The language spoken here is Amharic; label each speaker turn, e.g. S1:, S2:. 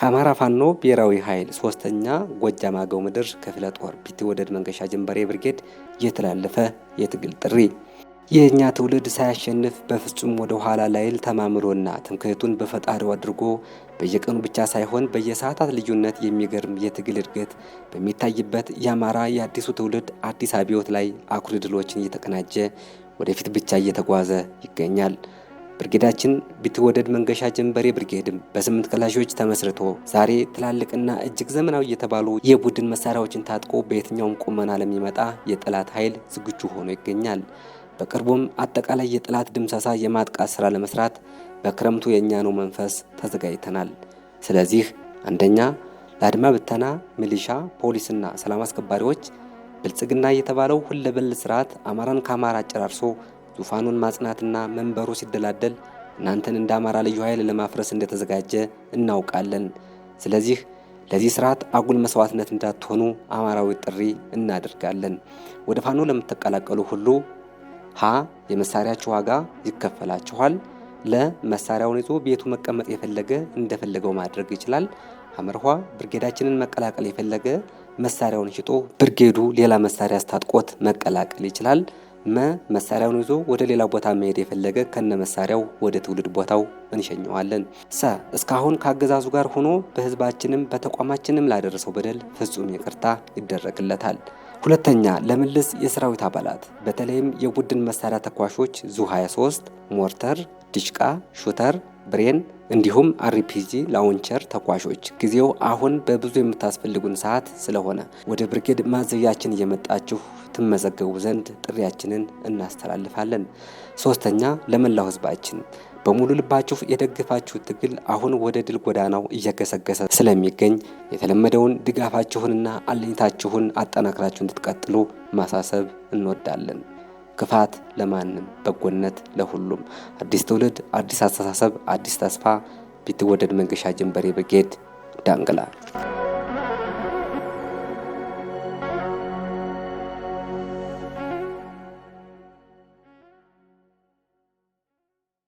S1: ከአማራ ፋኖ ብሔራዊ ኃይል ሶስተኛ ጎጃም አገው ምድር ክፍለ ጦር ቢትወደድ መንገሻ ጀንበሬ ብርጌድ የተላለፈ የትግል ጥሪ የእኛ ትውልድ ሳያሸንፍ በፍጹም ወደ ኋላ ላይል ተማምሮና ትምክህቱን በፈጣሪው አድርጎ በየቀኑ ብቻ ሳይሆን በየሰዓታት ልዩነት የሚገርም የትግል እድገት በሚታይበት የአማራ የአዲሱ ትውልድ አዲስ አብዮት ላይ አኩሪ ድሎችን እየተቀናጀ ወደፊት ብቻ እየተጓዘ ይገኛል። ብርጌዳችን ቢትወደድ መንገሻ ጀንበሬ ብርጌድም በስምንት ከላሾች ተመስርቶ ዛሬ ትላልቅና እጅግ ዘመናዊ የተባሉ የቡድን መሳሪያዎችን ታጥቆ በየትኛውም ቁመና ለሚመጣ የጠላት ኃይል ዝግጁ ሆኖ ይገኛል። በቅርቡም አጠቃላይ የጠላት ድምሰሳ የማጥቃት ስራ ለመስራት በክረምቱ የእኛ ነው መንፈስ ተዘጋጅተናል። ስለዚህ አንደኛ ለአድማ ብተና ሚሊሻ፣ ፖሊስና ሰላም አስከባሪዎች ብልጽግና የተባለው ሁለበል ስርዓት አማራን ከአማራ አጨራርሶ ዙፋኑን ማጽናትና መንበሩ ሲደላደል እናንተን እንደ አማራ ልዩ ኃይል ለማፍረስ እንደተዘጋጀ እናውቃለን። ስለዚህ ለዚህ ስርዓት አጉል መስዋዕትነት እንዳትሆኑ አማራዊ ጥሪ እናደርጋለን። ወደ ፋኖ ለምትቀላቀሉ ሁሉ ሀ የመሳሪያችሁ ዋጋ ይከፈላችኋል። ለመሳሪያውን ይዞ ቤቱ መቀመጥ የፈለገ እንደፈለገው ማድረግ ይችላል። አመርኋ ብርጌዳችንን መቀላቀል የፈለገ መሳሪያውን ሽጦ ብርጌዱ ሌላ መሳሪያ አስታጥቆት መቀላቀል ይችላል። መ መሳሪያውን ይዞ ወደ ሌላ ቦታ መሄድ የፈለገ ከነ መሳሪያው ወደ ትውልድ ቦታው እንሸኘዋለን። ሰ እስካሁን ከአገዛዙ ጋር ሆኖ በህዝባችንም በተቋማችንም ላደረሰው በደል ፍጹም ይቅርታ ይደረግለታል። ሁለተኛ ለምልስ የሰራዊት አባላት በተለይም የቡድን መሳሪያ ተኳሾች ዙ 23 ሞርተር፣ ዲሽቃ፣ ሹተር ብሬን እንዲሁም አርፒጂ ላውንቸር ተኳሾች ጊዜው አሁን በብዙ የምታስፈልጉን ሰዓት ስለሆነ ወደ ብርጌድ ማዘዣችን እየመጣችሁ ትመዘገቡ ዘንድ ጥሪያችንን እናስተላልፋለን። ሶስተኛ ለመላው ህዝባችን በሙሉ ልባችሁ የደገፋችሁ ትግል አሁን ወደ ድል ጎዳናው እየገሰገሰ ስለሚገኝ የተለመደውን ድጋፋችሁንና አለኝታችሁን አጠናክራችሁ እንድትቀጥሉ ማሳሰብ እንወዳለን። ክፋት ለማንም በጎነት ለሁሉም። አዲስ ትውልድ፣ አዲስ አስተሳሰብ፣ አዲስ ተስፋ። ቢትወደድ መንገሻ ጀንበሬ ብርጌድ ዳንግላ